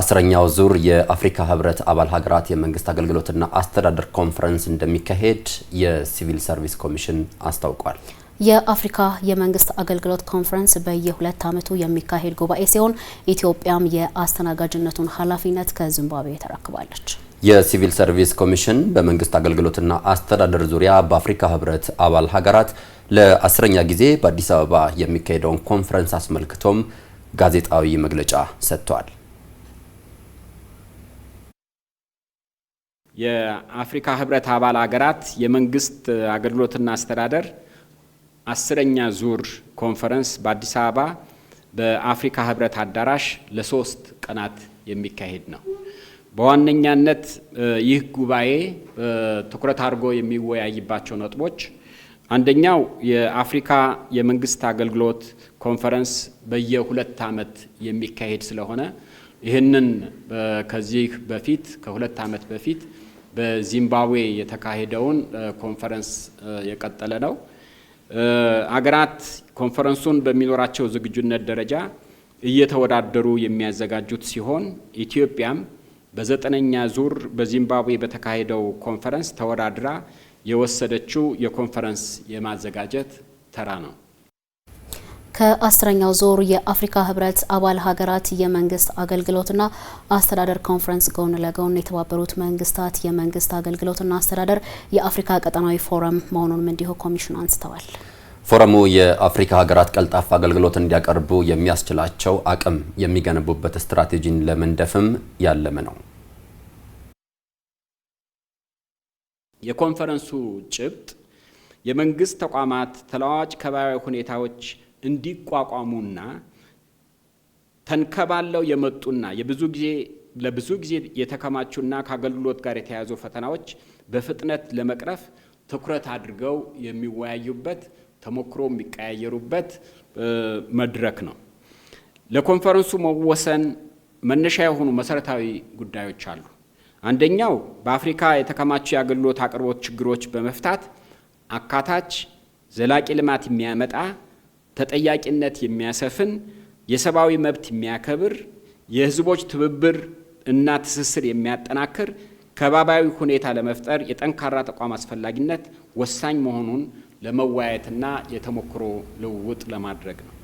አስረኛው ዙር የአፍሪካ ህብረት አባል ሀገራት የመንግስት አገልግሎትና አስተዳደር ኮንፈረንስ እንደሚካሄድ የሲቪል ሰርቪስ ኮሚሽን አስታውቋል። የአፍሪካ የመንግስት አገልግሎት ኮንፈረንስ በየሁለት ዓመቱ የሚካሄድ ጉባኤ ሲሆን ኢትዮጵያም የአስተናጋጅነቱን ኃላፊነት ከዚምባብዌ ተረክባለች። የሲቪል ሰርቪስ ኮሚሽን በመንግስት አገልግሎትና አስተዳደር ዙሪያ በአፍሪካ ህብረት አባል ሀገራት ለአስረኛ ጊዜ በአዲስ አበባ የሚካሄደውን ኮንፈረንስ አስመልክቶም ጋዜጣዊ መግለጫ ሰጥቷል። የአፍሪካ ህብረት አባል ሀገራት የመንግስት አገልግሎትና አስተዳደር አስረኛ ዙር ኮንፈረንስ በአዲስ አበባ በአፍሪካ ህብረት አዳራሽ ለሶስት ቀናት የሚካሄድ ነው። በዋነኛነት ይህ ጉባኤ ትኩረት አድርጎ የሚወያይባቸው ነጥቦች አንደኛው የአፍሪካ የመንግስት አገልግሎት ኮንፈረንስ በየሁለት ዓመት የሚካሄድ ስለሆነ ይህንን ከዚህ በፊት ከሁለት ዓመት በፊት በዚምባብዌ የተካሄደውን ኮንፈረንስ የቀጠለ ነው። አገራት ኮንፈረንሱን በሚኖራቸው ዝግጁነት ደረጃ እየተወዳደሩ የሚያዘጋጁት ሲሆን ኢትዮጵያም በዘጠነኛ ዙር በዚምባብዌ በተካሄደው ኮንፈረንስ ተወዳድራ የወሰደችው የኮንፈረንስ የማዘጋጀት ተራ ነው። ከአስረኛው ዞር የአፍሪካ ህብረት አባል ሀገራት የመንግስት አገልግሎትና አስተዳደር ኮንፈረንስ ጎን ለጎን የተባበሩት መንግስታት የመንግስት አገልግሎትና አስተዳደር የአፍሪካ ቀጠናዊ ፎረም መሆኑንም እንዲሁ ኮሚሽኑ አንስተዋል። ፎረሙ የአፍሪካ ሀገራት ቀልጣፋ አገልግሎት እንዲያቀርቡ የሚያስችላቸው አቅም የሚገነቡበት ስትራቴጂን ለመንደፍም ያለመ ነው። የኮንፈረንሱ ጭብጥ የመንግስት ተቋማት ተለዋዋጭ ከባቢያዊ ሁኔታዎች እንዲቋቋሙና ተንከባለው የመጡና የብዙ ጊዜ ለብዙ ጊዜ የተከማቹና ከአገልግሎት ጋር የተያያዙ ፈተናዎች በፍጥነት ለመቅረፍ ትኩረት አድርገው የሚወያዩበት ተሞክሮ የሚቀያየሩበት መድረክ ነው። ለኮንፈረንሱ መወሰን መነሻ የሆኑ መሰረታዊ ጉዳዮች አሉ። አንደኛው በአፍሪካ የተከማቹ የአገልግሎት አቅርቦት ችግሮች በመፍታት አካታች ዘላቂ ልማት የሚያመጣ ተጠያቂነት የሚያሰፍን፣ የሰብአዊ መብት የሚያከብር፣ የህዝቦች ትብብር እና ትስስር የሚያጠናክር ከባባዊ ሁኔታ ለመፍጠር የጠንካራ ተቋም አስፈላጊነት ወሳኝ መሆኑን ለመወያየትና የተሞክሮ ልውውጥ ለማድረግ ነው።